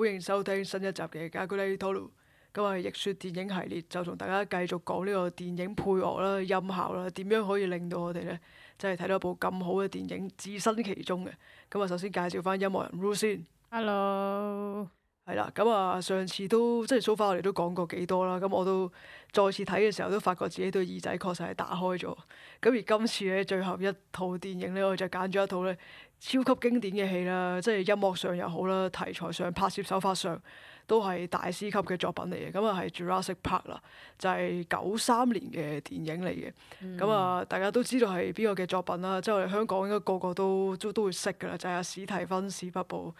歡迎收聽新一集嘅《阿古麗陀魯》，咁啊，逆說電影系列就同大家繼續講呢個電影配樂啦、音效啦，點樣可以令到我哋咧，真係睇到一部咁好嘅電影置身其中嘅。咁啊，首先介紹翻音樂人 RUE 先 Hello。係啦，咁啊，上次都即係 so far 我哋都講過幾多啦，咁我都再次睇嘅時候都發覺自己對耳仔確實係打開咗。咁而今次咧最後一套電影咧，我就揀咗一套咧超級經典嘅戲啦，即係音樂上又好啦，題材上、拍攝手法上都係大師級嘅作品嚟嘅。咁啊係 Jurassic Park 啦，就係九三年嘅電影嚟嘅。咁、嗯、啊，大家都知道係邊個嘅作品啦，即係我哋香港應該個個都都都會識噶啦，就係、是啊、史提芬史匹堡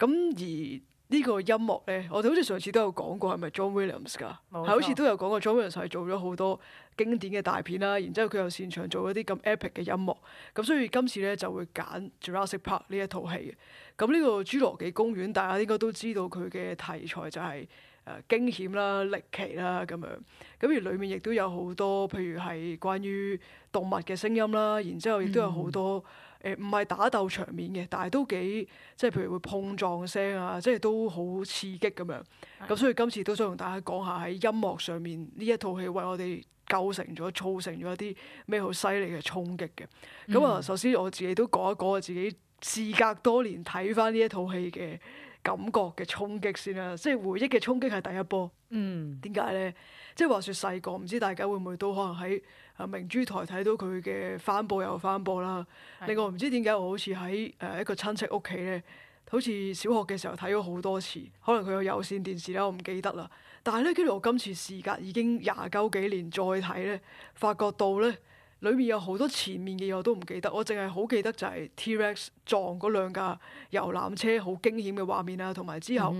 咁而呢個音樂咧，我哋好似上次都有講過係咪 John Williams 㗎？係，冇錯。好似都有講過 John Williams 係做咗好多經典嘅大片啦，然之後佢又擅長做一啲咁 epic 嘅音樂。咁所以今次咧就會揀 Jurassic Park 呢一套戲。咁呢個侏羅紀公園，大家應該都知道佢嘅題材就係誒驚險啦、歷奇啦咁樣。咁而裡面亦都有好多，譬如係關於動物嘅聲音啦，然之後亦都有好多、嗯。誒唔係打鬥場面嘅，但係都幾即係譬如會碰撞聲啊，即係都好刺激咁樣。咁的所以今次都想同大家講下喺音樂上面呢一套戲為我哋構成咗、造成咗一啲咩好犀利嘅衝擊嘅。咁啊、嗯，首先我自己都講一講我自己。事隔多年睇翻呢一套戲嘅感覺嘅衝擊先啦，即係回憶嘅衝擊係第一波。嗯，點解咧？即係話説細個，唔知大家會唔會都可能喺明珠台睇到佢嘅翻播又翻播啦。的另外唔知點解我好似喺誒一個親戚屋企咧，好似小學嘅時候睇咗好多次，可能佢有有線電視啦，我唔記得啦。但係咧，跟住我今次事隔已經廿九幾年再睇咧，發覺到咧。裏面有好多前面嘅嘢我都唔記得，我淨係好記得就係 T-Rex 撞嗰兩架遊覽車好驚險嘅畫面啊，同埋之後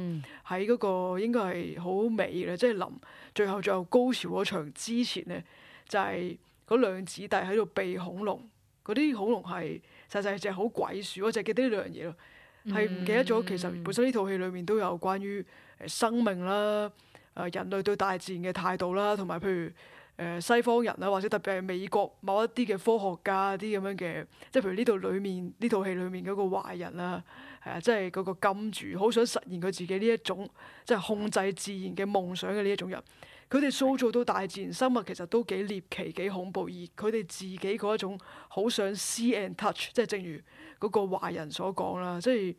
喺嗰個應該係好尾啦，即係臨最後最後高潮嗰場之前呢，就係、是、嗰兩子弟喺度避恐龍，嗰啲恐龍係細細隻好鬼鼠，我淨係記得呢兩樣嘢咯，係唔記得咗、嗯、其實本身呢套戲裡面都有關於生命啦，誒人類對大自然嘅態度啦，同埋譬如。誒西方人啊，或者特別係美國某一啲嘅科學家啲咁樣嘅，即係譬如呢度裡面呢套戲裡面嗰個壞人啦，係啊，即係嗰個金主好想實現佢自己呢一種即係控制自然嘅夢想嘅呢一種人，佢哋塑造到大自然生物其實都幾獵奇幾恐怖，而佢哋自己嗰一種好想 see and touch，即係正如嗰個壞人所講啦，即係。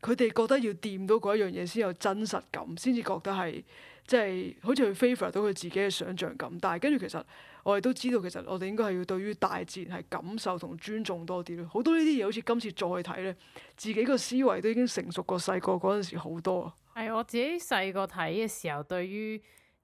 佢哋覺得要掂到嗰一樣嘢先有真實感，先至覺得係即係好似去 favor 到佢自己嘅想像感。但係跟住其，其實我哋都知道，其實我哋應該係要對於大自然係感受同尊重多啲咯。好多呢啲嘢好似今次再睇咧，自己個思維都已經成熟過細個嗰陣時好多。係我自己細個睇嘅時候，對於，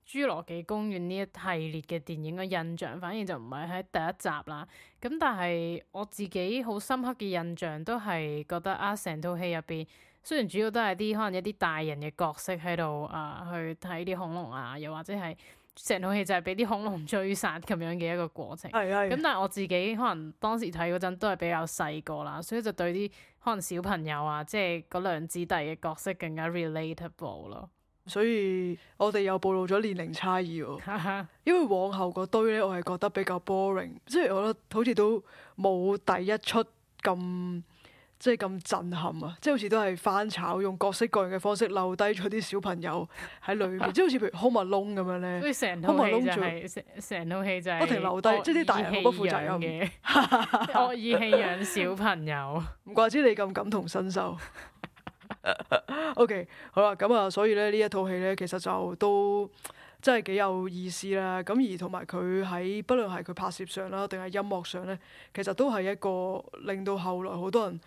侏羅紀公園呢一系列嘅電影嘅印象，反而就唔係喺第一集啦。咁但係我自己好深刻嘅印象都係覺得啊，成套戲入邊雖然主要都係啲可能一啲大人嘅角色喺度啊，去睇啲恐龍啊，又或者係成套戲就係俾啲恐龍追殺咁樣嘅一個過程。係咁 但係我自己可能當時睇嗰陣都係比較細個啦，所以就對啲可能小朋友啊，即係嗰兩姊弟嘅角色更加 relatable 咯。所以我哋又暴露咗年齡差異喎， 因為往後嗰堆咧，我係覺得比較 boring，即係我覺得好似都冇第一出咁，即係咁震撼啊！即係好似都係翻炒，用各式各樣嘅方式留低咗啲小朋友喺裏面，即係 好似譬如 Home Alone 咁樣咧，Home Alone 就係成成套戲就係不停留低，即係啲大人好不負責任嘅，惡意棄養小朋友，唔 怪之你咁感同身受。O.K. 好啦，咁啊，所以咧呢一套戲咧，其實就都真係幾有意思啦。咁而同埋佢喺不論係佢拍攝上啦，定係音樂上咧，其實都係一個令到後來好多人，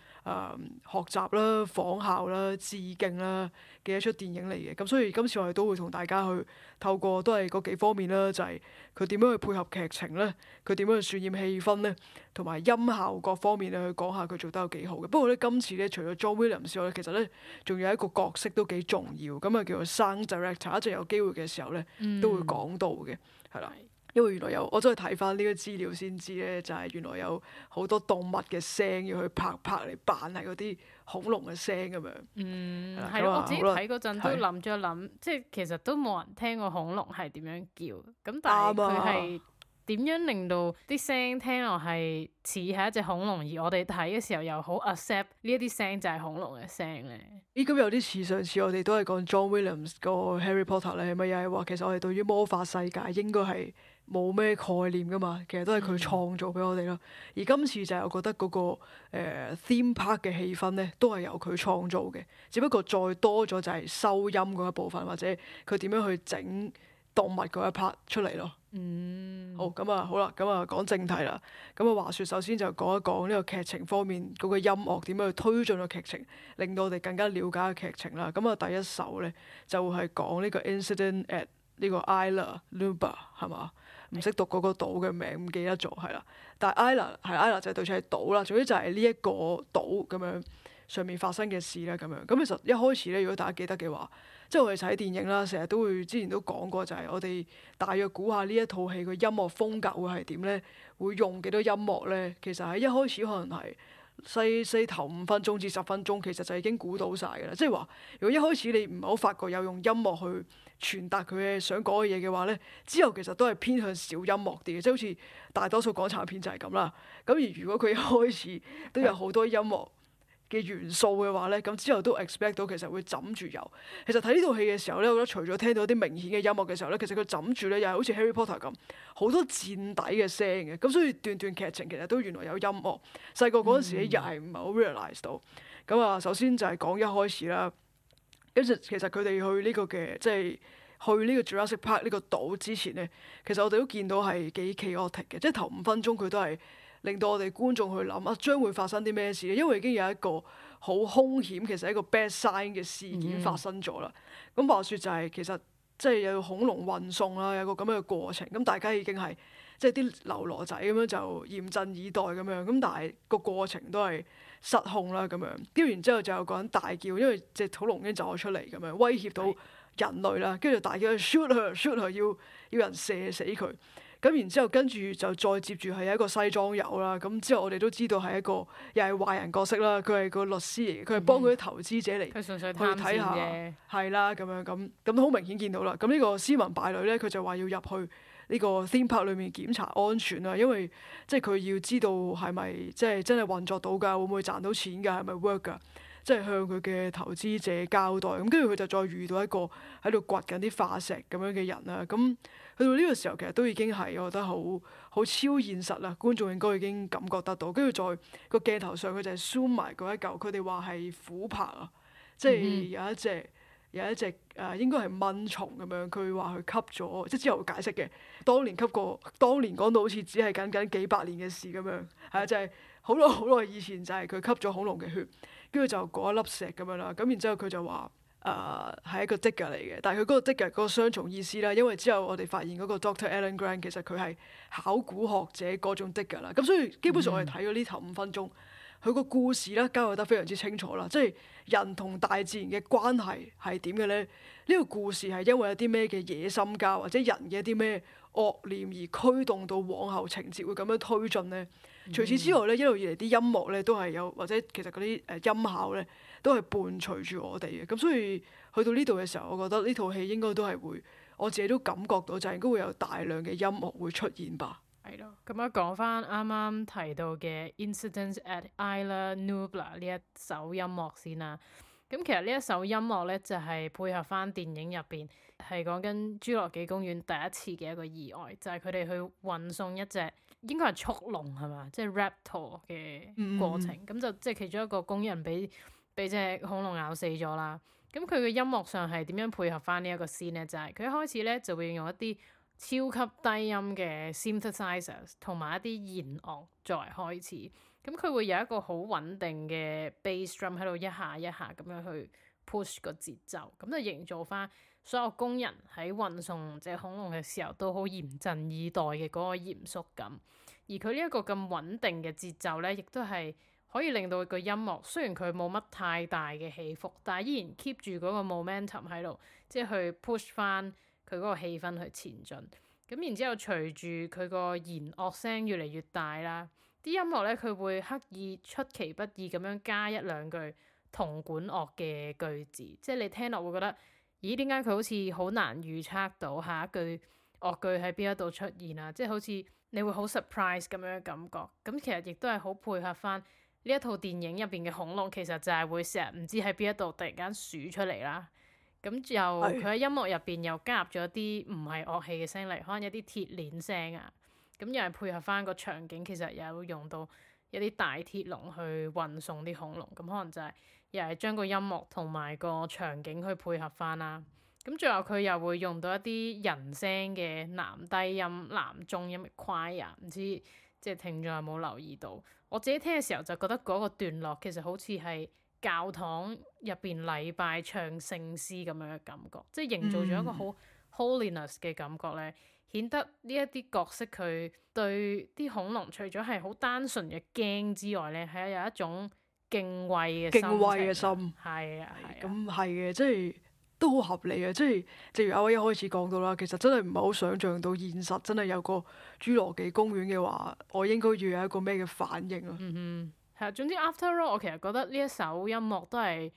誒學習啦、仿效啦、致敬啦嘅一出電影嚟嘅，咁所以今次我哋都會同大家去透過都係嗰幾方面啦，就係佢點樣去配合劇情咧，佢點樣去渲染氣氛咧，同埋音效各方面咧去講下佢做得有幾好嘅。不過咧，今次咧除咗 John Williams 之外呢，其實咧仲有一個角色都幾重要，咁啊叫做生 director，一陣有機會嘅時候咧都會講到嘅，係啦、嗯。因為原來有我真係睇翻呢個資料先知咧，就係、是、原來有好多動物嘅聲要去拍拍嚟扮係嗰啲恐龍嘅聲咁樣。嗯，係咯，我自己睇嗰陣都諗咗諗，即係是其實都冇人聽過恐龍係點樣叫，咁但係佢係點樣令到啲聲聽落係似係一隻恐龍，而我哋睇嘅時候又好 accept 呢一啲聲就係恐龍嘅聲咧。依家、嗯欸、有啲似上次我哋都係講 John Williams 個 Harry Potter 咧，係咪又係話其實我哋對於魔法世界應該係？冇咩概念噶嘛，其實都係佢創造俾我哋咯。嗯、而今次就係我覺得嗰、那個、呃、theme park 嘅氣氛咧，都係由佢創造嘅，只不過再多咗就係收音嗰一部分或者佢點樣去整動物嗰一 part 出嚟咯。嗯，好咁啊，好啦，咁啊講正題啦。咁啊話説，首先就講一講呢個劇情方面嗰、那個音樂點樣去推進個劇情，令到我哋更加了解個劇情啦。咁啊第一首咧就係講呢個 incident at 呢個 Isla Luba 係嘛？唔識讀嗰個島嘅名，唔記得咗，係啦。但係 Isla 係 Isla，就對住係島啦。總之就係呢一個島咁樣上面發生嘅事啦，咁樣。咁其實一開始咧，如果大家記得嘅話，即係我哋睇電影啦，成日都會之前都講過，就係我哋大約估下呢一套戲嘅音樂風格會係點咧，會用幾多音樂咧。其實喺一開始可能係四四頭五分鐘至十分鐘，其實就已經估到晒㗎啦。即係話，如果一開始你唔係好發覺有用音樂去。傳達佢嘅想講嘅嘢嘅話咧，之後其實都係偏向小音樂啲嘅，即係好似大多數港產片就係咁啦。咁而如果佢一開始都有好多音樂嘅元素嘅話咧，咁的之後都 expect 到其實會枕住有。其實睇呢套戲嘅時候咧，我覺得除咗聽到啲明顯嘅音樂嘅時候咧，其實佢枕住咧又係好似 Harry Potter 咁好多墊底嘅聲嘅。咁所以段段劇情其實都原來有音樂。細個嗰陣時又係唔係好 realize 到。咁啊、嗯，首先就係講一開始啦。其實佢哋去呢個嘅，即係去呢個 Jurassic Park 呢個島之前呢，其實我哋都見到係幾 chaotic 嘅，即係頭五分鐘佢都係令到我哋觀眾去諗啊，將會發生啲咩事咧？因為已經有一個好兇險，其實係一個 bad sign 嘅事件發生咗啦。咁、嗯、話說就係、是、其實即係有恐龍運送啦，有個咁樣嘅過程，咁大家已經係。即係啲流羅仔咁樣就嚴陣以待咁樣，咁但係個過程都係失控啦咁樣。跟住然之後就有個人大叫，因為隻土龍已經走咗出嚟咁樣威脅到人類啦。跟住的大叫：「shoot 佢，shoot 佢，要要人射死佢。」咁然之後跟住就再接住係一個西裝友啦。咁之後我哋都知道係一個又係壞人角色啦。佢係個律師嚟，佢係幫佢啲投資者嚟去睇下，係啦咁樣，咁咁好明顯見到啦。咁呢個斯文敗類咧，佢就話要入去。呢個 theme park 裏面檢查安全啊，因為即係佢要知道係咪即係真係運作到㗎，會唔會賺到錢㗎，係咪 work 㗎？即係向佢嘅投資者交代。咁跟住佢就再遇到一個喺度掘緊啲化石咁樣嘅人啊。咁、嗯、去到呢個時候其實都已經係我覺得好好超現實啦。觀眾應該已經感覺得到。跟住再個鏡頭上佢就係 zoom 埋嗰一嚿，佢哋話係琥珀啊，即係有一隻。嗯有一隻誒、呃、應該係蚊蟲咁樣，佢話佢吸咗，即之後解釋嘅。當年吸過，當年講到好似只係僅僅幾百年嘅事咁樣，係啊，就係好耐好耐以前就係佢吸咗恐龍嘅血，跟住就嗰一粒石咁樣啦。咁然之後佢就話誒係一個 digger 嚟嘅，但係佢嗰個 digger 嗰個雙重意思咧，因為之後我哋發現嗰個 Dr. Alan Grant 其實佢係考古學者嗰種 digger 啦。咁所以基本上我哋睇咗呢頭五分鐘。嗯佢個故事咧交代得非常之清楚啦，即係人同大自然嘅關係係點嘅咧？呢個故事係因為一啲咩嘅野心家或者人嘅一啲咩惡念而驅動到往後情節會咁樣推進咧。除此之外咧，嗯、一路以嚟啲音樂咧都係有，或者其實嗰啲誒音效咧都係伴隨住我哋嘅。咁所以去到呢度嘅時候，我覺得呢套戲應該都係會，我自己都感覺到就係應該會有大量嘅音樂會出現吧。係咯，咁啊，講翻啱啱提到嘅《Incidents at Isla Nublar》呢一首音樂先啦。咁其實呢一首音樂咧，就係，是，配合翻電影入邊係講緊侏羅紀公園第一次嘅一個意外，就係佢哋去運送一隻應該係速龍係嘛？即係，就是，Raptor 嘅過程。咁，嗯，就即係，就是，其中一個工人俾俾隻恐龍咬死咗啦。咁佢嘅音樂上係點樣配合翻呢一個先呢？就係佢一開始咧就會用一啲。超級低音嘅 synthesizers 同埋一啲弦樂作為開始，咁佢會有一個好穩定嘅 bass drum 喺度一下一下咁樣去 push 個節奏，咁就營造翻所有工人喺運送隻恐龍嘅時候都好嚴陣以待嘅嗰個嚴肅感。而佢呢一個咁穩定嘅節奏呢，亦都係可以令到佢個音樂雖然佢冇乜太大嘅起伏，但係依然 keep 住嗰個 momentum 喺度，即係去 push 翻。佢嗰個氣氛去前進，咁然之後隨住佢個弦樂聲越嚟越大啦，啲音樂咧佢會刻意出其不意咁樣加一兩句銅管樂嘅句子，即係你聽落會覺得，咦點解佢好似好難預測到下一句樂句喺邊一度出現啊？即係好似你會好 surprise 咁樣嘅感覺。咁其實亦都係好配合翻呢一套電影入邊嘅恐龍，其實就係會成日唔知喺邊一度突然間鼠出嚟啦。咁又佢喺音樂入邊又加入咗啲唔係樂器嘅聲嚟，可能有啲鐵鏈聲啊，咁又係配合翻個場景，其實又會用到一啲大鐵籠去運送啲恐龍，咁可能就係又係將個音樂同埋個場景去配合翻啦。咁最後佢又會用到一啲人聲嘅男低音、男中音 choir，唔知即係聽眾有冇留意到？我自己聽嘅時候就覺得嗰個段落其實好似係。教堂入邊禮拜唱聖詩咁樣嘅感覺，即係營造咗一個好 Holiness 嘅感覺咧，顯、嗯、得呢一啲角色佢對啲恐龍除咗係好單純嘅驚之外咧，係有一種敬畏嘅敬畏嘅心，係啊，係啊，咁係嘅，即係都好合理啊！即係正如阿威一開始講到啦，其實真係唔係好想象到現實真係有個侏羅紀公園嘅話，我應該要有一個咩嘅反應啊！嗯哼。係啊，總之 after all，我其實覺得呢一首音樂都係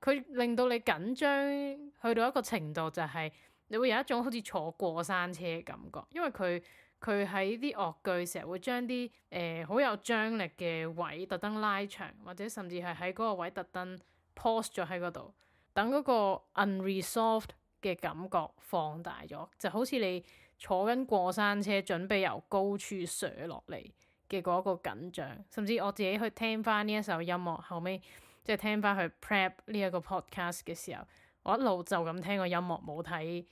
佢令到你緊張去到一個程度，就是，就係你會有一種好似坐過山車嘅感覺，因為佢佢喺啲樂句成日會將啲誒好有張力嘅位特登拉長，或者甚至係喺嗰個位特登 post 咗喺嗰度，等嗰個 unresolved 嘅感覺放大咗，就好似你坐緊過山車，準備由高處瀡落嚟。嘅嗰個緊張，甚至我自己去聽翻呢一首音樂，後尾，即係聽翻佢 prep 呢一個 podcast 嘅時候，我一路就咁聽個音樂，冇睇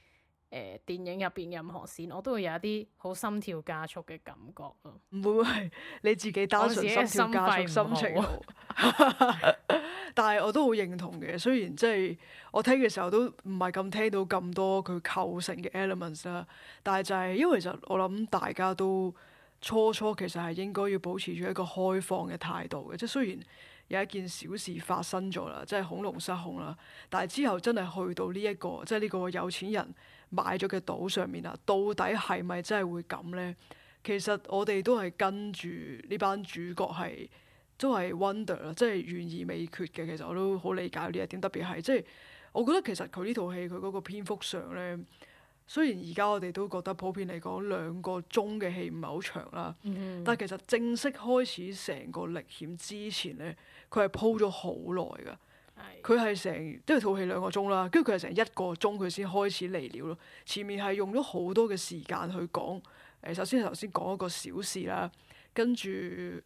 誒電影入邊任何線，我都會有一啲好心跳加速嘅感覺咯。唔會，唔會你自己單純己心，心跳加速心，心情， 但係我都好認同嘅。雖然即係我聽嘅時候都唔係咁聽到咁多佢構成嘅 elements 啦，但係就係因為其實我諗大家都。初初其實係應該要保持住一個開放嘅態度嘅，即係雖然有一件小事發生咗啦，即係恐龍失控啦，但係之後真係去到呢一個，即係呢個有錢人買咗嘅島上面啊，到底係咪真係會咁呢？其實我哋都係跟住呢班主角係都係 wonder 啦，即係懸而未決嘅。其實我都好理解呢一點，特別係即係我覺得其實佢呢套戲佢嗰個篇幅上呢。雖然而家我哋都覺得普遍嚟講兩個鐘嘅戲唔係好長啦，嗯、但係其實正式開始成個歷險之前呢，佢係鋪咗好耐噶。佢係成，即係套戲兩個鐘啦，跟住佢係成一個鐘佢先開始嚟料。咯。前面係用咗好多嘅時間去講，誒、呃、首先頭先講一個小事啦，跟住誒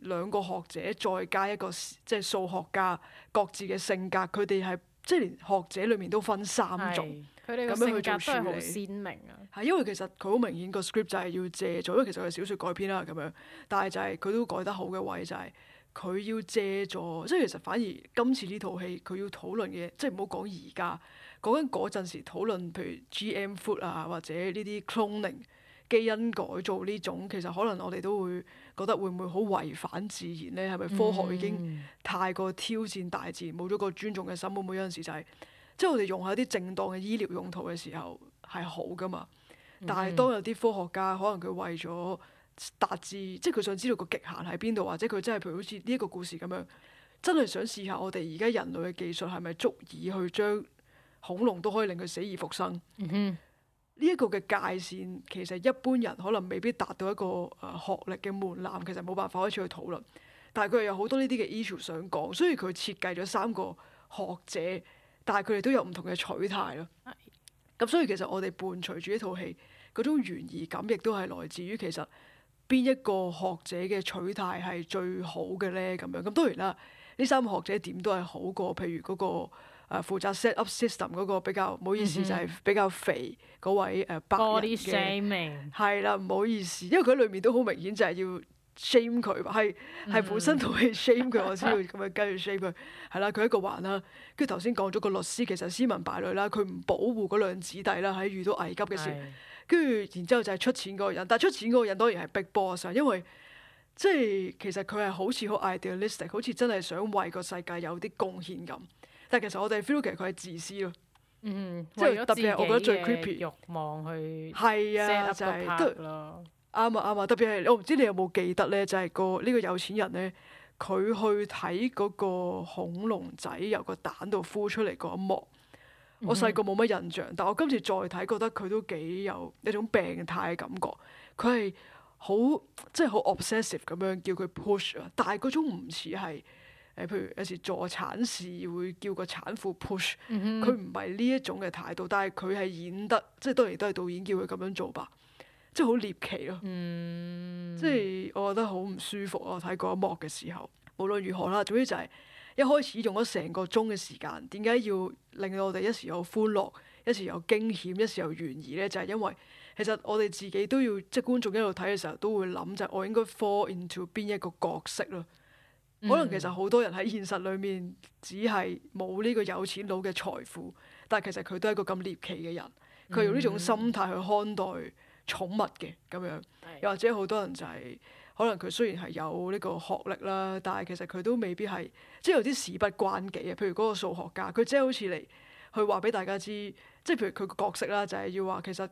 兩個學者再加一個即係數學家各自嘅性格，佢哋係。即係連學者裏面都分三種，佢哋個性格都係好鮮明啊。係因為其實佢好明顯個 script 就係要借咗，因為其實係小説改編啦咁樣。但係就係佢都改得好嘅位就係佢要借助，即係其實反而今次呢套戲佢要討論嘅，即係唔好講而家講緊嗰陣時討論，譬如 G.M. food 啊或者呢啲 cloning 基因改造呢種，其實可能我哋都會。覺得會唔會好違反自然呢？係咪科學已經太過挑戰大自然，冇咗、mm hmm. 個尊重嘅心？會唔會有陣時就係、是，即係我哋用下啲正當嘅醫療用途嘅時候係好噶嘛？但係當有啲科學家可能佢為咗達至，即係佢想知道個極限喺邊度，或者佢真係譬如好似呢一個故事咁樣，真係想試下我哋而家人類嘅技術係咪足以去將恐龍都可以令佢死而復生？Mm hmm. 呢一個嘅界線其實一般人可能未必達到一個誒、呃、學歷嘅門檻，其實冇辦法開始去討論。但係佢又有好多呢啲嘅 issue 想講，所以佢設計咗三個學者，但係佢哋都有唔同嘅取態咯。係。咁所以其實我哋伴隨住呢套戲嗰種懸疑感，亦都係來自於其實邊一個學者嘅取態係最好嘅呢？咁樣咁當然啦，呢三個學者點都係好過，譬如嗰個。誒、啊、負責 set up system 嗰個比較唔好意思，mm hmm. 就係比較肥嗰位誒、呃、Body 白人嘅，係啦，唔 好意思，因為佢裏面都好明顯就係要 shame 佢，係係本身套戲 shame 佢，我先要咁樣跟住 shame 佢，係啦， 佢一個環啦。跟住頭先講咗個律師，其實斯文敗類啦，佢唔保護嗰兩子弟啦，喺遇到危急嘅事。跟住 然之後，後就係出錢嗰個人，但係出錢嗰個人當然係 big boss 啊，因為即係其實佢係好似 ide 好 idealistic，好似真係想為個世界有啲貢獻咁。但其實我哋 feel 其實佢係自私咯，嗯，即係特別係我覺得最 creepy 慾望去，係啊，就係、是嗯、都咯，啱啊啱啊！特別係我唔知你有冇記得咧，就係、是、個呢、呢個有錢人咧，佢去睇嗰個恐龍仔由個蛋度孵出嚟個一幕，我細個冇乜印象，嗯、哼但我今次再睇覺得佢都幾有一種病態嘅感覺，佢係好即係、就、好、是、obsessive 咁樣叫佢 push 啊，但係嗰種唔似係。誒，譬如有時助產士會叫個產婦 push，佢唔係呢一種嘅態度，但係佢係演得，即係當然都係導演叫佢咁樣做吧，即係好獵奇咯。Mm hmm. 即係我覺得好唔舒服啊！睇嗰一幕嘅時候，無論如何啦，總之就係一開始用咗成個鐘嘅時，時間，點解要令到我哋一時有歡樂，一時有驚險，一時有懸疑咧？就係、是、因為其實我哋自己都要，即係觀眾一路睇嘅時候都會諗，就係我應該 fall into 邊一個角色咯。可能其實好多人喺現實裏面只係冇呢個有錢佬嘅財富，但係其實佢都係一個咁獵奇嘅人，佢用呢種心態去看待寵物嘅咁樣。又或者好多人就係可能佢雖然係有呢個學歷啦，但係其實佢都未必係即係有啲事不關己啊。譬如嗰個數學家，佢即係好似嚟去話俾大家知，即係譬如佢個角色啦，就係要話其實。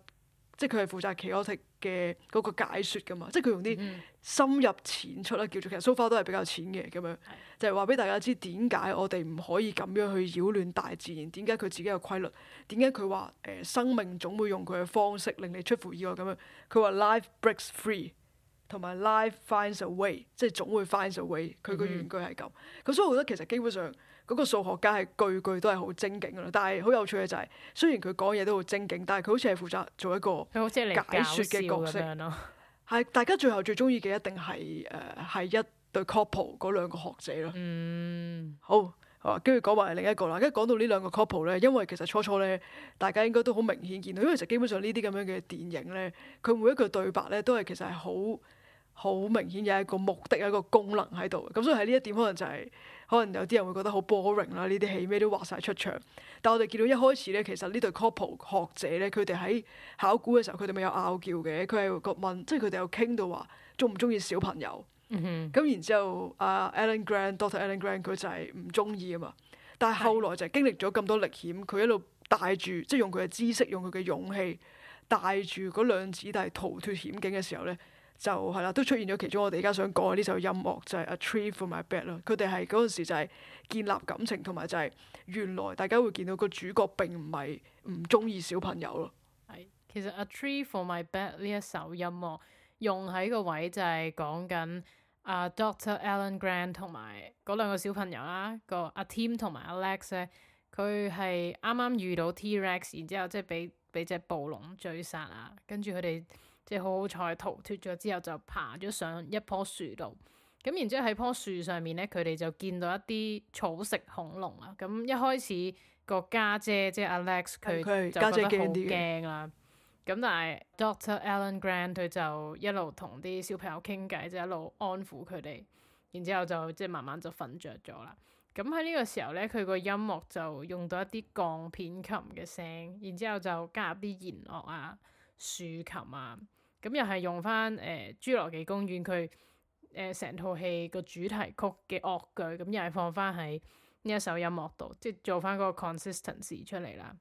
即係佢係負責 chaotic 嘅嗰個解説㗎嘛，即係佢用啲深入淺出啦，叫做其實 so far 都係比較淺嘅咁樣，就係話俾大家知點解我哋唔可以咁樣去擾亂大自然，點解佢自己有規律，點解佢話誒生命總會用佢嘅方式令你出乎意外咁樣。佢話 life breaks free，同埋 life finds a way，即係總會 finds a way。佢個原句係咁咁，嗯嗯所以我覺得其實基本上。嗰個數學家係句句都係好精警㗎喇，但係好有趣嘅就係、是，雖然佢講嘢都好精警，但係佢好似係負責做一個解説嘅角色。係 大家最後最中意嘅一定係誒係一對 couple 嗰兩個學者咯。嗯好，好，跟住講埋另一個啦。跟住講到呢兩個 couple 咧，因為其實初初咧，大家應該都好明顯見到，因為其實基本上呢啲咁樣嘅電影咧，佢每一句對白咧都係其實係好好明顯有一個目的，一個功能喺度。咁所以喺呢一點可能就係、是。可能有啲人會覺得好 boring 啦，呢啲戲咩都畫晒出場。但係我哋見到一開始咧，其實呢對 couple 學者咧，佢哋喺考古嘅時候，佢哋咪有拗撬嘅。佢係個問，即係佢哋有傾到話鍾唔鍾意小朋友。咁、嗯、哼然之後，阿、啊、Alan Grant、Doctor Alan Grant 佢就係唔鍾意啊嘛。但係後來就係經歷咗咁多歷險，佢一路帶住，是即係用佢嘅知識、用佢嘅勇氣帶住嗰兩子弟逃脫險境嘅時候咧。就係啦，都出現咗其中。我哋而家想講嘅呢首音樂就係、是《A Tree for My Bed》咯。佢哋係嗰陣時就係建立感情，同埋就係原來大家會見到個主角並唔係唔中意小朋友咯。係，其實《A Tree for My Bed》呢一首音樂用喺個位就係講緊啊、呃、Dr. Alan Grant 同埋嗰兩個小朋友啦，個、啊、阿、啊、Tim 同埋阿 Lex 咧、啊，佢係啱啱遇到 T-Rex，然之後即係俾俾隻暴龍追殺啊，跟住佢哋。即係好好彩，逃脫咗之後就爬咗上一棵樹度。咁然之後喺棵樹上面咧，佢哋就見到一啲草食恐龍啊。咁一開始個家姐即係 Alex 佢就覺得好驚啦。咁但係 Dr. Alan Grant 佢就一路同啲小朋友傾偈，即係一路安撫佢哋。然之後就即係慢慢就瞓着咗啦。咁喺呢個時候咧，佢個音樂就用到一啲鋼片琴嘅聲，然之後就加入啲弦樂啊、豎琴啊。咁又係用翻誒《呃、侏羅紀公園》佢誒成套戲個主題曲嘅樂句，咁又係放翻喺呢一首音樂度，即係做翻嗰個 consistency 出嚟啦。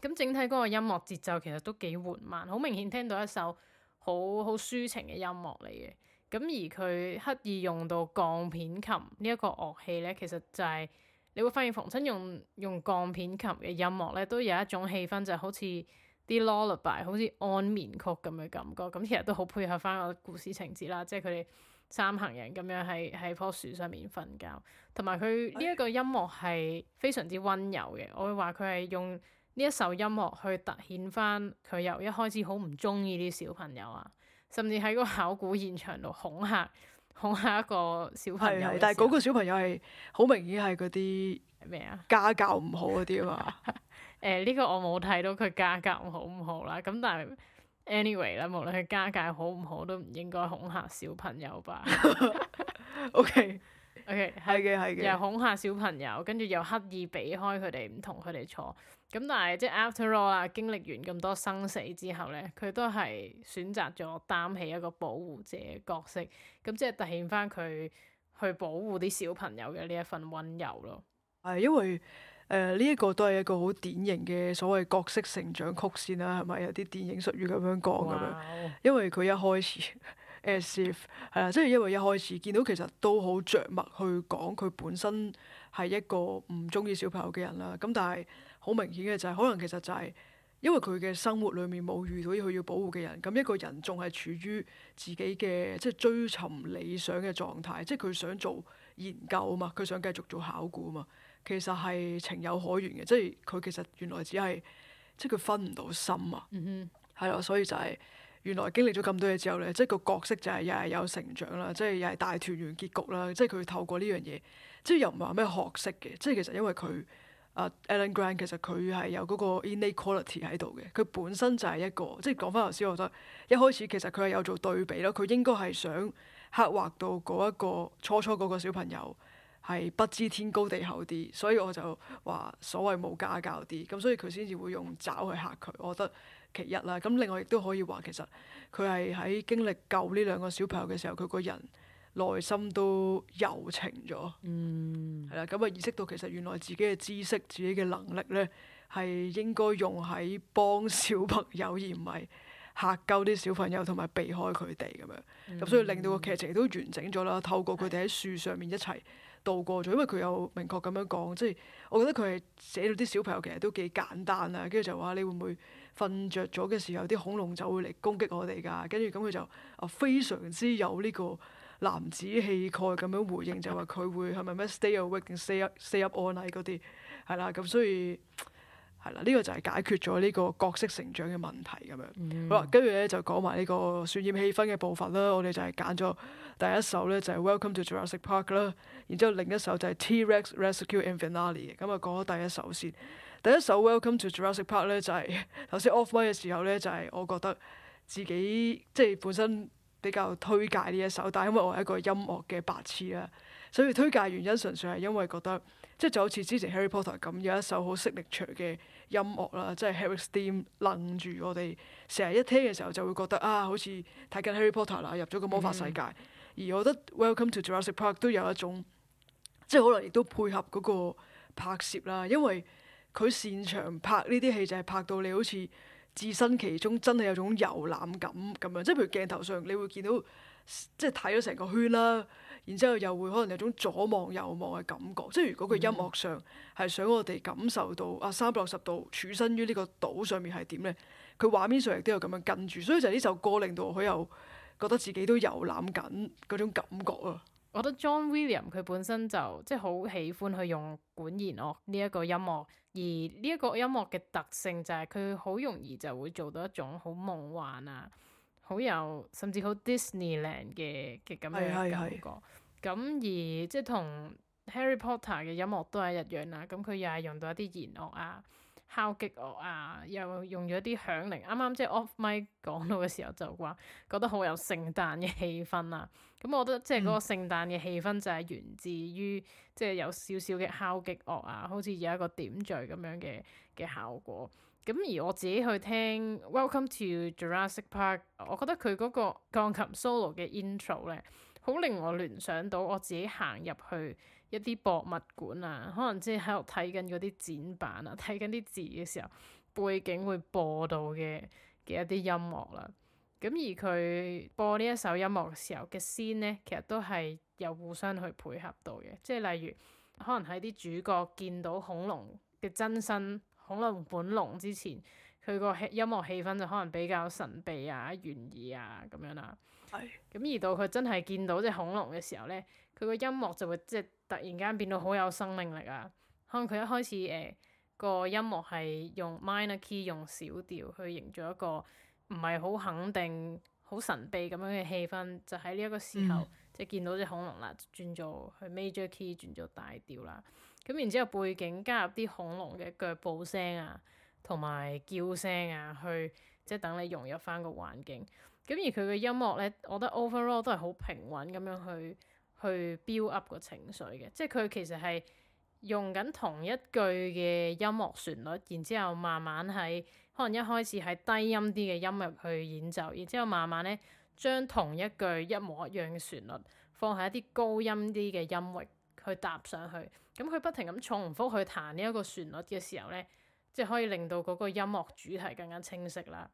咁、嗯、整體嗰個音樂節奏其實都幾緩慢，好明顯聽到一首好好抒情嘅音樂嚟嘅。咁而佢刻意用到鋼片琴呢一個樂器咧，其實就係、是、你會發現逢親用用鋼片琴嘅音樂咧，都有一種氣氛，就是、好似～啲 lullaby 好似安眠曲咁嘅感覺，咁其實都好配合翻個故事情節啦，即係佢哋三行人咁樣喺喺棵樹上面瞓覺，同埋佢呢一個音樂係非常之溫柔嘅，我會話佢係用呢一首音樂去突顯翻佢由一開始好唔中意啲小朋友啊，甚至喺個考古現場度恐嚇恐嚇一個小朋友，但係嗰個小朋友係好明顯係嗰啲咩啊家教唔好嗰啲啊嘛。 誒，呢、呃，這個我冇睇到佢家教好唔好啦，咁但係 anyway 啦，無論佢家教好唔好，都唔應該恐嚇小朋友吧？OK，OK，係嘅，係嘅，又恐嚇小朋友，跟住又刻意避開佢哋，唔同佢哋坐。咁但係即係 after all 啊，經歷完咁多生死之後咧，佢都係選擇咗擔起一個保護者嘅角色，咁即係突顯翻佢去保護啲小朋友嘅呢一份溫柔咯。係因為。誒呢、呃這個、一個都係一個好典型嘅所謂角色成長曲線啦，係咪有啲電影術語咁樣講咁樣？哇因為佢一開始，as if 係啦，即 係 因為一開始見到其實都好着墨去講佢本身係一個唔中意小朋友嘅人啦。咁但係好明顯嘅就係、是、可能其實就係因為佢嘅生活裡面冇遇到佢要保護嘅人，咁一個人仲係處於自己嘅即係追尋理想嘅狀態，即係佢想做研究啊嘛，佢想繼續做考古啊嘛。其實係情有可原嘅，即係佢其實原來只係，即係佢分唔到心啊，係咯、mm hmm.，所以就係原來經歷咗咁多嘢之後咧，即係個角色就係又係有成長啦，即係又係大團圓結局啦，即係佢透過呢樣嘢，即係又唔係話咩學識嘅，即係其實因為佢阿、啊、Alan Grant 其實佢係有嗰個 Inequality 喺度嘅，佢本身就係一個，即係講翻頭先，我覺得一開始其實佢係有做對比咯，佢應該係想刻畫到嗰、那、一個初初嗰個小朋友。係不知天高地厚啲，所以我就話所謂冇家教啲，咁所以佢先至會用爪去嚇佢，我覺得其一啦。咁另外亦都可以話，其實佢係喺經歷救呢兩個小朋友嘅時候，佢個人內心都柔情咗，係啦、嗯。咁啊意識到其實原來自己嘅知識、自己嘅能力呢，係應該用喺幫小朋友而唔係嚇救啲小朋友同埋避開佢哋咁樣。咁、嗯、所以令到個劇情都完整咗啦。透過佢哋喺樹上面一齊度過咗，因為佢有明確咁樣講，即係我覺得佢係寫到啲小朋友其實都幾簡單啊，跟住就話你會唔會瞓着咗嘅時候，啲恐龍就會嚟攻擊我哋㗎，跟住咁佢就啊非常之有呢個男子氣概咁樣回應，就話佢會係咪咩 stay awake 定 stay up, stay up all night 嗰啲，係啦，咁所以係啦，呢個就係解決咗呢個角色成長嘅問題咁樣。Mm hmm. 好啦，跟住咧就講埋呢個渲染氣氛嘅部分啦，我哋就係揀咗。第一首咧就係、是、Welcome to Jurassic Park 啦，然之後另一首就係、是、T-Rex Rescue and Finale 咁啊講咗第一首先。第一首 Welcome to Jurassic Park 咧就係頭先 off mic 嘅時候咧就係我覺得自己即係本身比較推介呢一首，但係因為我係一個音樂嘅白痴啦，所以推介原因純粹係因為覺得即係、就是、就好似之前 Harry Potter 咁有一首好 signature 嘅音樂啦，即係 Harry's theme 楞住我哋成日一聽嘅時候就會覺得啊好似睇緊 Harry Potter 啦，入咗個魔法世界。嗯。而我覺得 Welcome to Jurassic Park 都有一種，即係可能亦都配合嗰個拍攝啦，因為佢擅長拍呢啲戲就係拍到你好似置身其中，真係有種遊覽感咁樣。即係譬如鏡頭上你會見到，即係睇咗成個圈啦，然之後又會可能有種左望右望嘅感覺。即係如果佢音樂上係想我哋感受到、嗯、啊三百六十度處身於呢個島上面係點呢？佢畫面上亦都有咁樣跟住。所以就呢首歌令到佢又，覺得自己都遊覽緊嗰種感覺啊！我覺得 John William 佢本身就即係好喜歡去用管弦樂呢一個音樂，而呢一個音樂嘅特性就係佢好容易就會做到一種好夢幻啊，好有甚至好 Disneyland 嘅嘅咁樣嘅感覺。係啊，係啊。咁而即係同 Harry Potter 嘅音樂都係一樣啦，啊。咁佢又係用到一啲弦樂啊。敲擊樂啊，又用咗啲響鈴，啱啱即係 off mic 講到嘅時候就話覺得好有聖誕嘅氣氛啊。咁、嗯、我覺得即係嗰個聖誕嘅氣氛就係源自於即係有少少嘅敲擊樂啊，好似有一個點綴咁樣嘅嘅效果。咁而我自己去聽 Welcome to Jurassic Park，我覺得佢嗰個鋼琴 solo 嘅 intro 咧，好令我聯想到我自己行入去。一啲博物館啊，可能即係喺度睇緊嗰啲展板啊，睇緊啲字嘅時候，背景會播到嘅嘅一啲音樂啦、啊。咁而佢播呢一首音樂嘅時候嘅先呢，其實都係有互相去配合到嘅。即係例如，可能喺啲主角見到恐龍嘅真身，恐龍本龍之前，佢個氣，音樂氣氛就可能比較神秘啊、懸疑啊咁樣啦、啊。咁而到佢真係見到隻恐龍嘅時候呢，佢個音樂就會即係突然間變到好有生命力啊！可能佢一開始誒、呃那個音樂係用 minor key 用小調去營造一個唔係好肯定、好神秘咁樣嘅氣氛，就喺呢一個時候、嗯、即係見到隻恐龍啦，轉做去 major key 轉做大調啦。咁然之後背景加入啲恐龍嘅腳步聲啊，同埋叫聲啊，去即係等你融入翻個環境。咁而佢嘅音樂呢，我覺得 overall 都係好平穩咁樣去去 build up 個情緒嘅，即係佢其實係用緊同一句嘅音樂旋律，然之後慢慢喺可能一開始係低音啲嘅音域去演奏，然之後慢慢呢將同一句一模一樣嘅旋律放喺一啲高音啲嘅音域去搭上去，咁佢不停咁重複去彈呢一個旋律嘅時候呢，即係可以令到嗰個音樂主題更加清晰啦。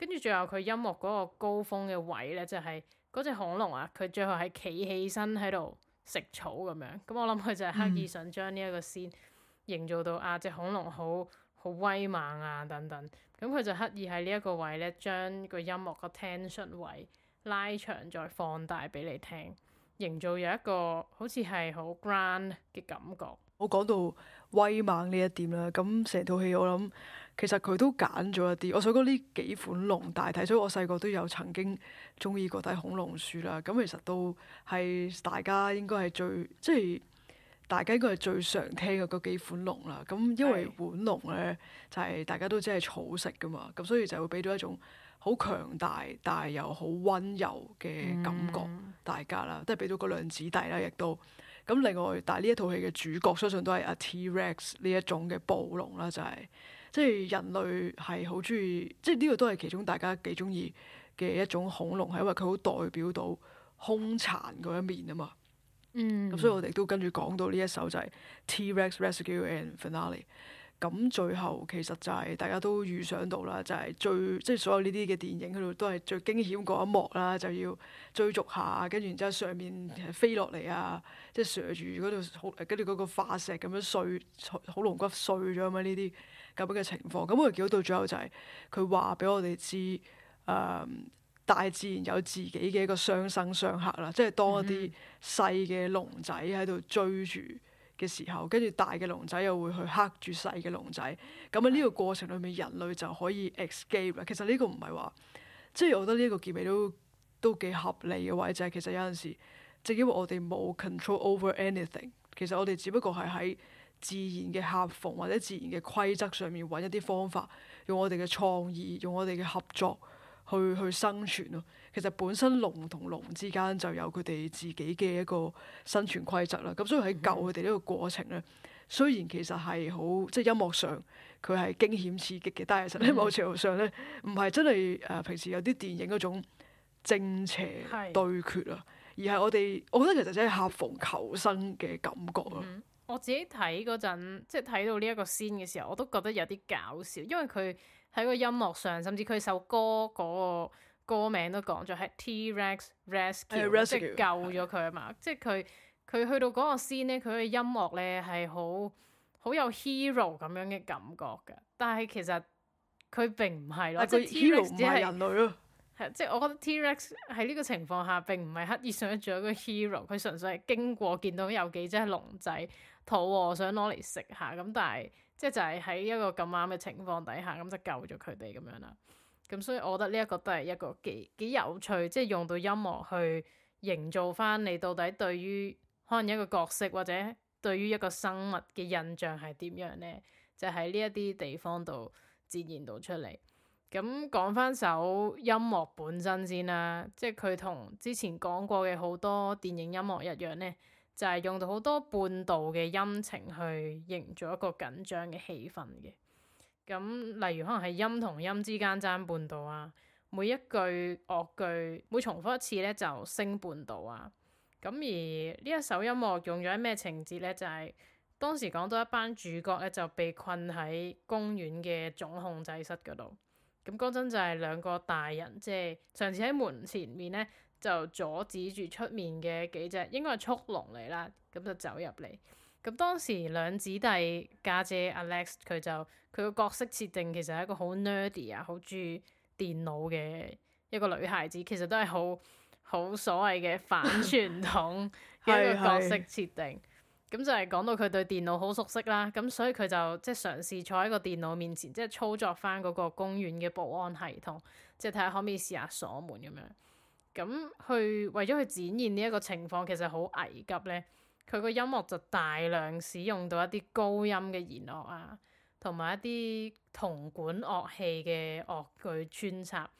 跟住最後佢音樂嗰個高峰嘅位呢，就係嗰隻恐龍啊！佢最後係企起身喺度食草咁樣，樣，咁我諗佢就刻意想將呢一個先營造到、嗯、啊，隻恐龍好好威猛啊等等，咁佢就刻意喺呢一個位呢，將個音樂個 tension 位拉長再放大俾你聽。營造有一個好似係好 grand 嘅感覺。我講到威猛呢一點啦，咁成套戲我諗其實佢都揀咗一啲。我想講呢幾款龍大體，所以我細個都有曾經中意過睇恐龍書啦。咁其實都係大家應該係最即係、就是、大家應該係最常聽嘅嗰幾款龍啦。咁因為腕龍咧就係大家都知係草食噶嘛，咁所以就會俾到一種。好強大，但係又好溫柔嘅感覺，嗯、大家啦即係俾到個兩子弟啦，亦都咁另外，但係呢一套戲嘅主角相信都係阿 T-Rex 呢一種嘅暴龍啦，就係即係人類係好中意，即係呢個都係其中大家幾中意嘅一種恐龍，係因為佢好代表到凶殘嗰一面啊嘛。咁、嗯、所以我哋都跟住講到呢一首就係、是、T-Rex Rescue and Finale。咁最後其實就係大家都預想到啦，就係最，即係所有呢啲嘅電影喺度都係最驚險嗰一幕啦，就要追逐下，跟住然之後上面飛落嚟啊，即係錫住嗰度，好跟住嗰個化石咁樣碎，好龍骨碎咗咁樣，呢啲咁嘅情況，咁佢結到最後就係佢話俾我哋知，誒，大自然有自己嘅一個相生相剋啦，即係當一啲細嘅龍仔喺度追住。嗯嘅時候，跟住大嘅龍仔又會去黑住細嘅龍仔，咁喺呢個過程裏面，人類就可以 escape 啦。其實呢個唔係話，即係我覺得呢個結尾都都幾合理嘅話，就係其實有陣時，即係因為我哋冇 control over anything，其實我哋只不過係喺自然嘅合逢或者自然嘅規則上面揾一啲方法，用我哋嘅創意，用我哋嘅合作。去去生存咯，其實本身龍同龍之間就有佢哋自己嘅一個生存規則啦。咁所以喺救佢哋呢個過程咧，嗯、雖然其實係好即係音樂上佢係驚險刺激嘅，但係實喺某程度上咧，唔係真係誒平時有啲電影嗰種正邪對決啊，是而係我哋我覺得其實真係恰逢求生嘅感覺啊、嗯。我自己睇嗰陣即係睇到呢一個 scene 嘅時候，我都覺得有啲搞笑，因為佢。喺個音樂上，甚至佢首歌嗰個歌名都講咗，係 T-Rex r e s、uh, c Rescue, 即係救咗佢啊嘛！的即係佢佢去到嗰個先呢，佢嘅音樂呢係好好有 hero 咁樣嘅感覺噶。但係其實佢並唔係咯，但他 即、T、hero 唔係是人類咯、啊。係即係我覺得 T-Rex 喺呢個情況下並唔係刻意想做一個 hero，佢純粹係經過見到有幾隻龍仔肚餓想攞嚟食下咁，但係。即係就係喺一個咁啱嘅情況底下，咁就救咗佢哋咁樣啦。咁所以我覺得呢一個都係一個幾幾有趣，即係用到音樂去營造返你到底對於可能一個角色或者對於一個生物嘅印象係點樣呢，就喺呢一啲地方度展現到出嚟。咁講返首音樂本身先啦，即係佢同之前講過嘅好多電影音樂一樣呢。就係用到好多半度嘅音程去營造一個緊張嘅氣氛嘅，咁例如可能係音同音之間爭半度啊，每一句樂句每重複一次呢，就升半度啊，咁而呢一首音樂用咗咩情節呢？就係、是、當時講到一班主角呢就被困喺公園嘅總控制室嗰度，咁嗰陣就係兩個大人即係上次喺門前面呢。就阻止住出面嘅幾隻，應該係速龍嚟啦。咁就走入嚟。咁當時兩姊弟家姐，姐 Alex 佢就佢個角色設定其實係一個好 nerdy 啊，好鍾意電腦嘅一個女孩子，其實都係好好所謂嘅反傳統一個角色設定。咁 是是 就係講到佢對電腦好熟悉啦。咁所以佢就即係嘗試坐喺個電腦面前，即係操作翻嗰個公園嘅保安系統，即係睇下可唔可以試下鎖門咁樣。咁去為咗去展現呢一個情況，其實好危急呢，佢個音樂就大量使用到一啲高音嘅弦樂啊，同埋一啲銅管樂器嘅樂句穿插。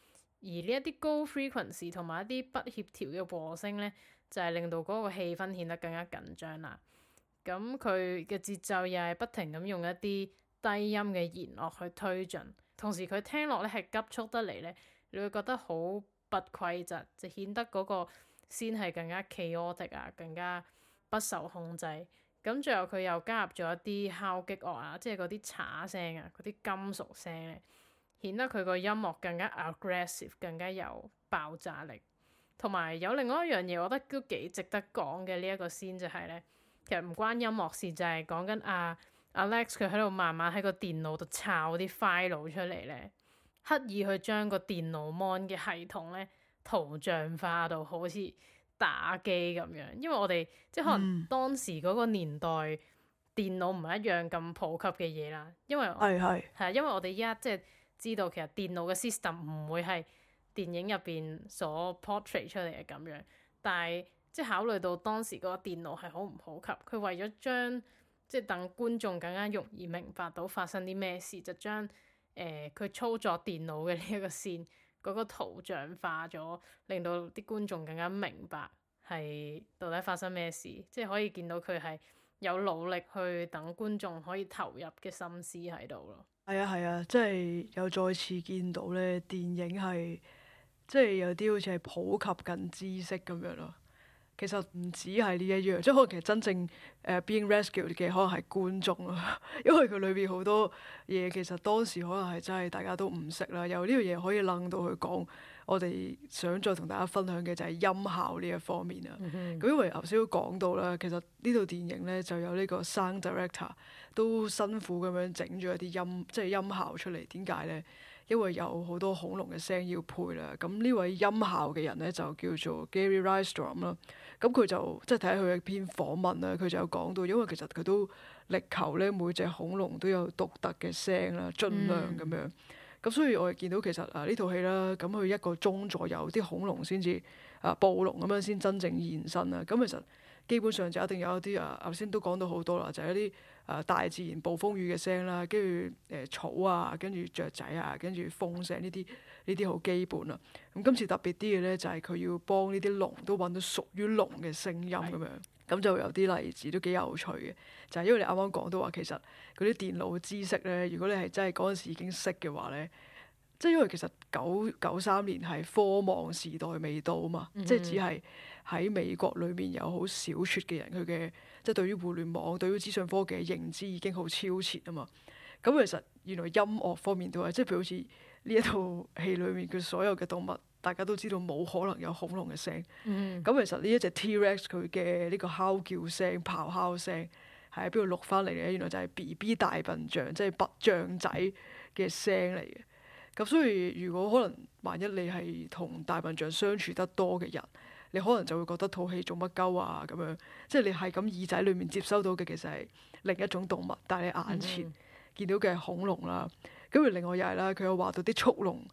而呢一啲高 frequency 同埋一啲不協調嘅和聲呢，就係令到嗰個氣氛顯得更加緊張啦。咁佢嘅節奏又係不停咁用一啲低音嘅弦樂去推進，同時佢聽落呢係急速得嚟呢，你會覺得好。不規則就顯得嗰個先係更加 chaotic 啊，更加不受控制。咁最後佢又加入咗一啲敲擊樂啊，即係嗰啲叉聲啊，嗰啲金屬聲咧，顯得佢個音樂更加 aggressive，更加有爆炸力。同埋有，有另外一樣嘢，我覺得都幾值得講嘅、這個、呢一個先就係咧，其實唔關音樂事，就係講緊阿 Alex 佢喺度慢慢喺個電腦度抄啲 file 出嚟咧。刻意去將個電腦 mon 嘅系統咧圖像化到好似打機咁樣，因為我哋即係可能當時嗰個年代、嗯、電腦唔係一樣咁普及嘅嘢啦，因為係係係因為我哋依家即係知道其實電腦嘅 system 唔會係電影入邊所 portrait 出嚟嘅咁樣，但係即係考慮到當時嗰個電腦係好唔普及，佢為咗將即係等觀眾更加容易明白到發生啲咩事，就將。誒，佢操作電腦嘅呢一個線，嗰個圖像化咗，令到啲觀眾更加明白係到底發生咩事，即係可以見到佢係有努力去等觀眾可以投入嘅心思喺度咯。係啊係啊，即係有再次見到咧，電影係即係有啲好似係普及緊知識咁樣咯。其實唔止係呢一樣，即係可能其實真正誒 being rescued 嘅可能係觀眾咯，因為佢裏邊好多嘢其實當時可能係真係大家都唔識啦。有呢樣嘢可以楞到去講，我哋想再同大家分享嘅就係音效呢一方面啦。咁、mm hmm. 因為頭先都講到啦，其實呢套電影咧就有呢個 sound director 都辛苦咁樣整咗一啲音，即係音效出嚟。點解咧？因為有好多恐龍嘅聲要配啦。咁呢位音效嘅人咧就叫做 Gary Rydstrom 啦。Hmm. 咁佢就即係睇佢一篇訪問啦、啊，佢就有講到，因為其實佢都力求咧每隻恐龍都有獨特嘅聲啦，盡量咁樣。咁、嗯、所以我亦見到其實啊呢套戲啦，咁佢一個鐘左右啲恐龍先至啊暴龍咁樣先真正現身啦。咁其實～基本上就一定有啲啊，頭先都講到好多啦，就係、是、一啲誒、啊、大自然暴風雨嘅聲啦，跟住誒草啊，跟住雀仔啊，跟住風聲呢啲呢啲好基本啦、啊。咁、嗯、今次特別啲嘅咧，就係佢要幫呢啲龍都揾到屬於龍嘅聲音咁樣，咁就有啲例子都幾有趣嘅。就係因為你啱啱講到話，其實嗰啲電腦知識咧，如果你係真係嗰陣時已經識嘅話咧，即、就、係、是、因為其實九九三年係科網時代未到啊嘛，嗯、即係只係。喺美國裏面有好少説嘅人，佢嘅即係對於互聯網、對於資訊科技嘅認知已經好超前啊嘛。咁其實原來音樂方面都係即係，譬如好似呢一套戲裏面佢所有嘅動物，大家都知道冇可能有恐龍嘅聲。咁、嗯、其實呢一隻 T-Rex 佢嘅呢個哮叫聲、咆哮聲係喺邊度錄翻嚟咧？原來就係 B.B 大笨象，即係笨象仔嘅聲嚟嘅。咁所以如果可能，萬一你係同大笨象相處得多嘅人。你可能就會覺得套戲做乜鳩啊咁樣，即係你係咁耳仔裏面接收到嘅，其實係另一種動物，但係你眼前見到嘅係恐龍啦。咁啊、嗯，另外又係啦，佢又話到啲速龍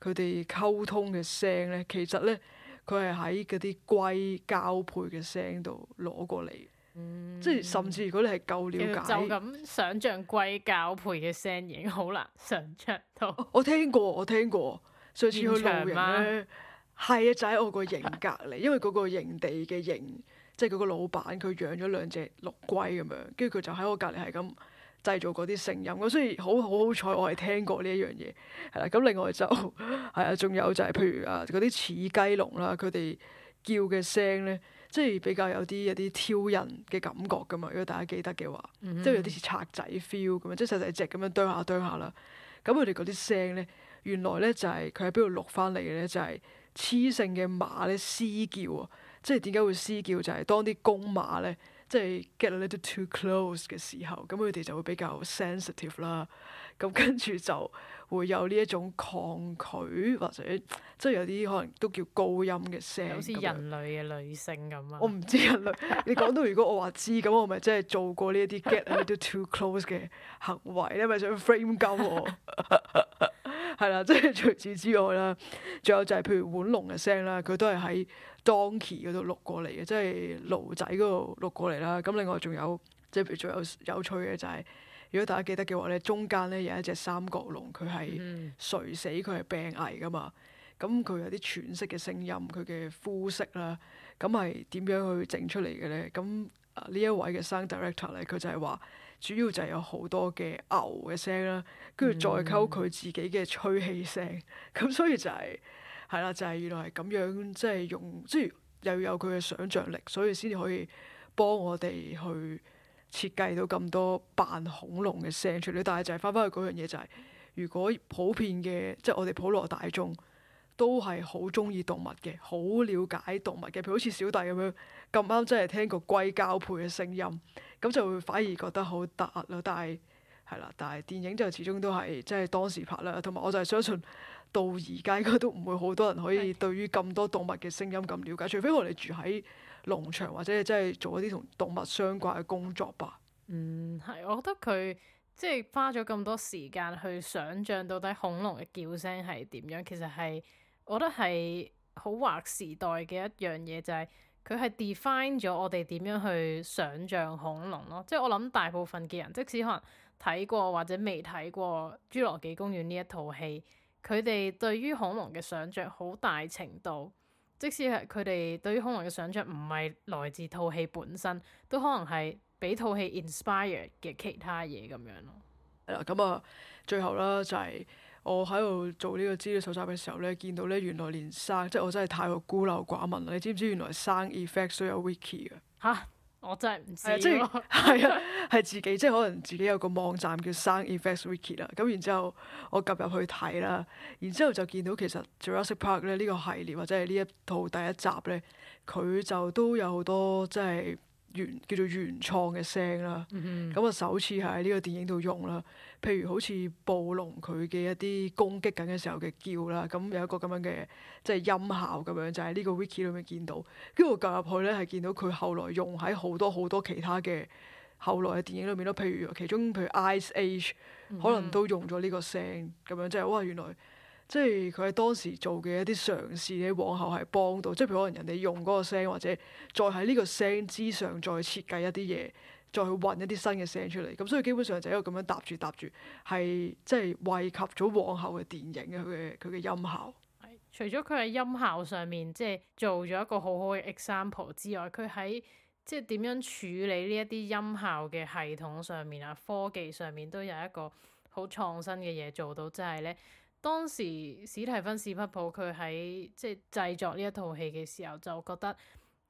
佢哋溝通嘅聲咧，其實咧佢係喺嗰啲龜交配嘅聲度攞過嚟，嗯、即係甚至如果你係夠了解，就咁想像龜交配嘅聲已經好難想像到、啊。我聽過，我聽過，上次去兩個係啊，就喺、是、我個營隔離，因為嗰個營地嘅營即係嗰個老闆，佢養咗兩隻陸龜咁樣，跟住佢就喺我隔離係咁製造嗰啲聲音。所以我雖然好好好彩，我係聽過呢一樣嘢係啦。咁另外就係啊，仲有就係譬如啊嗰啲似雞籠啦，佢哋叫嘅聲咧，即係比較有啲有啲挑釁嘅感覺㗎嘛。如果大家記得嘅話，mm hmm。即係有啲似賊仔 feel 咁樣，即係細細隻咁樣啄下啄下啦。咁佢哋嗰啲聲咧，原來咧就係佢喺邊度錄翻嚟嘅咧，就係、是。雌性嘅馬咧嘶叫啊，即係點解會嘶叫？就係、係、當啲公馬咧，即係 get a little too close 嘅時候，咁佢哋就會比較 sensitive 啦。咁跟住就會有呢一種抗拒或者即係有啲可能都叫高音嘅聲。好似人類嘅女性咁啊！我唔知人類， 你講到如果我話知咁，我咪即係做過呢一啲 get a little too close 嘅行為你咪 想 frame 鳩我。 係啦，即係 除此之外啦，仲有就係譬如腕龍嘅聲啦，佢都係喺 Donkey 嗰度錄過嚟嘅，即係驢仔嗰度錄過嚟啦。咁另外仲有，即係譬如仲有有趣嘅就係、是，如果大家記得嘅話咧，中間咧有一隻三角龍，佢係垂死，佢係病危㗎嘛。咁佢有啲喘息嘅聲音，佢嘅膚色啦，咁係點樣去整出嚟嘅咧？咁呢一位嘅聲 director 咧，佢就係話主要就係有好多嘅牛嘅聲啦，跟住、嗯、再溝佢自己嘅吹氣聲，咁所以就係、是，係啦、啊，就係、是、原來係咁樣，即、就、係、是、用，即、就、係、是、又要有佢嘅想像力，所以先至可以幫我哋去設計到咁多扮恐龍嘅聲，出嚟。但係就係翻翻去嗰樣嘢就係、是、如果普遍嘅，即、就、係、是、我哋普羅大眾。都係好中意動物嘅，好了解動物嘅，譬如好似小弟咁樣咁啱，真係聽個龜交配嘅聲音，咁就會反而覺得好突啦。但係係啦，但係電影就始終都係即係當時拍啦。同埋我就係相信到而家應該都唔會好多人可以對於咁多動物嘅聲音咁了解，的除非我哋住喺農場或者即係做一啲同動物相關嘅工作吧。嗯，係，我覺得佢即係花咗咁多時間去想像到底恐龍嘅叫聲係點樣，其實係。我覺得係好劃時代嘅一樣嘢，就係佢係 define 咗我哋點樣去想像恐龍咯。即係我諗大部分嘅人，即使可能睇過或者未睇過《侏羅紀公園》呢一套戲，佢哋對於恐龍嘅想像好大程度，即使係佢哋對於恐龍嘅想像唔係來自套戲本身，都可能係俾套戲 inspire 嘅其他嘢咁樣咯。係啦，咁啊，最後啦就係。我喺度做呢個資料搜集嘅時候咧，見到咧原來連生即係我真係太過孤陋寡聞啦！你知唔知原來生 effect 都有 wiki 嘅？吓？我真係唔知咯。係啊，係自己即係可能自己有個網站叫生 effect wiki 啦。咁然之後我夾入去睇啦，然之後就見到其實 Jurassic Park 咧呢個系列或者係呢一套第一集咧，佢就都有好多即係。原叫做原創嘅聲啦，咁啊、mm hmm. 我首次喺呢個電影度用啦。譬如好似暴龍佢嘅一啲攻擊緊嘅時候嘅叫啦，咁有一個咁樣嘅即係音效咁樣，就喺、是、呢個 wiki 裏面見到。跟住我撳入去咧，係見到佢後來用喺好多好多其他嘅後來嘅電影裏面咯。譬如其中譬如 Ice Age 可能都用咗呢個聲咁、mm hmm. 樣，即、就、係、是、哇，原來。即係佢喺當時做嘅一啲嘗試，喺往後係幫到。即係譬如可能人哋用嗰個聲，或者再喺呢個聲之上再設計一啲嘢，再去混一啲新嘅聲出嚟。咁、嗯、所以基本上就係一個咁樣搭住搭住，係即係惠及咗往後嘅電影佢嘅佢嘅音效。除咗佢喺音效上面即係、就是、做咗一個好好嘅 example 之外，佢喺即係點樣處理呢一啲音效嘅系統上面啊，科技上面都有一個好創新嘅嘢做到，即係咧。當時史提芬史匹堡佢喺即係製作呢一套戲嘅時候，就覺得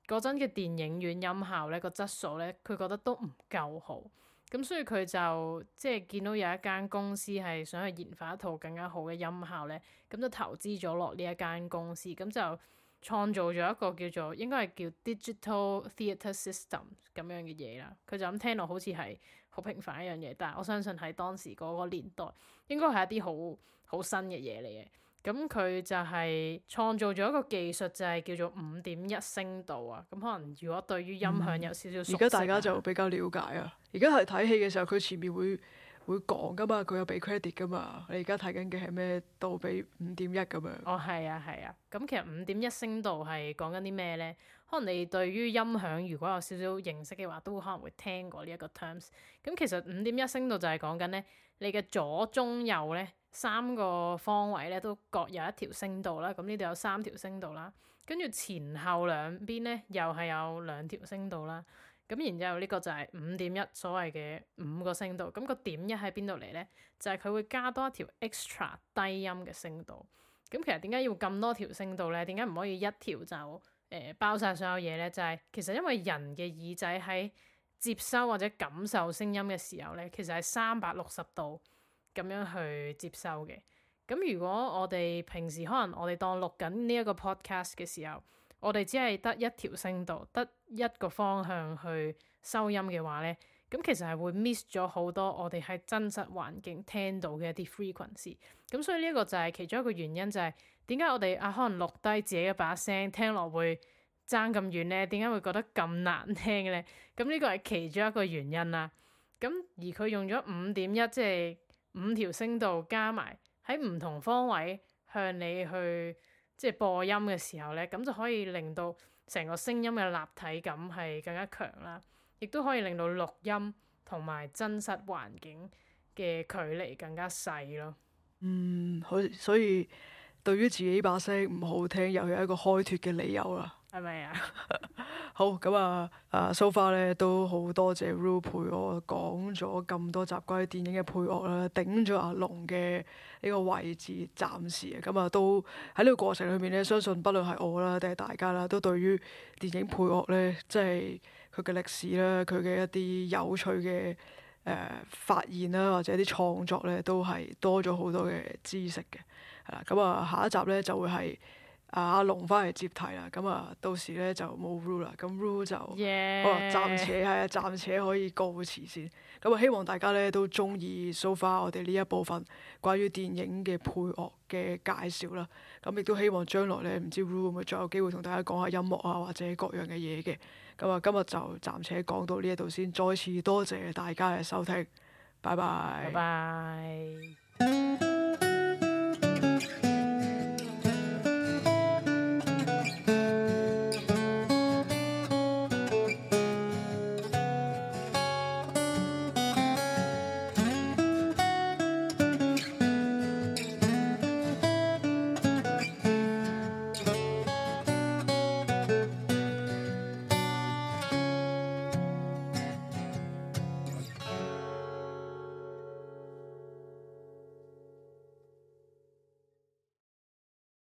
嗰陣嘅電影院音效呢個質素呢，佢覺得都唔夠好。咁所以佢就即係見到有一間公司係想去研發一套更加好嘅音效呢，咁就投資咗落呢一間公司，咁就創造咗一個叫做應該係叫 Digital Theatre System 咁樣嘅嘢啦。佢就咁聽落好似係好平凡一樣嘢，但係我相信喺當時嗰個年代，應該係一啲好。好新嘅嘢嚟嘅，咁佢就係創造咗一個技術，就係、是、叫做五點一聲道啊！咁可能如果對於音響有少少，而家、嗯、大家就比較了解啊。而家係睇戲嘅時候，佢前面會會講噶嘛，佢有俾 credit 噶嘛。你而家睇緊嘅係咩？杜比五點一咁樣。哦，係啊，係啊。咁、嗯、其實五點一聲道係講緊啲咩咧？可能你對於音響如果有少少認識嘅話，都會可能會聽過呢一個 terms、嗯。咁其實五點一聲道就係講緊咧。你嘅左中、中、右咧三個方位咧都各有一條聲道啦，咁呢度有三條聲道啦，跟住前後兩邊咧又係有兩條聲道啦，咁然之後呢個就係五點一所謂嘅五個聲道，咁、咁個點一喺邊度嚟咧？就係、是、佢會加多一條 extra 低音嘅聲道，咁其實點解要咁多條聲道咧？點解唔可以一條就誒、呃、包晒所有嘢咧？就係、是、其實因為人嘅耳仔喺接收或者感受聲音嘅時候呢，其實係三百六十度咁樣去接收嘅。咁如果我哋平時可能我哋當錄緊呢一個 podcast 嘅時候，我哋只係得一條聲道，得一個方向去收音嘅話呢，咁其實係會 miss 咗好多我哋喺真實環境聽到嘅一啲 frequency。咁所以呢一個就係其中一個原因、就係，就係點解我哋啊可能錄低自己一把聲，聽落會。爭咁遠呢，點解會覺得咁難聽呢？咁呢個係其中一個原因啦。咁而佢用咗五點一，即係五條聲道加埋喺唔同方位向你去即係播音嘅時候呢，咁就可以令到成個聲音嘅立體感係更加強啦，亦都可以令到錄音同埋真實環境嘅距離更加細咯。嗯，所以對於自己把聲唔好聽，又有一個開脱嘅理由啦。係咪 啊？好咁啊！啊、so far 咧都好多謝 Roo 陪我講咗咁多集關於電影嘅配樂啦，頂咗阿龍嘅呢個位置暫時啊。咁啊，都喺呢個過程裏面咧，相信不論係我啦，定係大家啦，都對於電影配樂咧，即係佢嘅歷史啦，佢嘅一啲有趣嘅誒、呃、發現啦，或者啲創作咧，都係多咗好多嘅知識嘅。係啦，咁啊，下一集咧就會係。啊、阿龍翻嚟接替啦，咁啊，到時咧就冇 Roo 啦，咁 Roo 就我 Yeah.、哦、暫且係啊，暫且可以告辭先。咁啊，希望大家咧都中意 so far 我哋呢一部分關於電影嘅配樂嘅介紹啦。咁亦都希望將來咧，唔知 Roo 會唔會再有機會同大家講下音樂啊，或者各樣嘅嘢嘅。咁啊，今日就暫且講到呢一度先。再次多謝大家嘅收聽，拜拜，拜拜。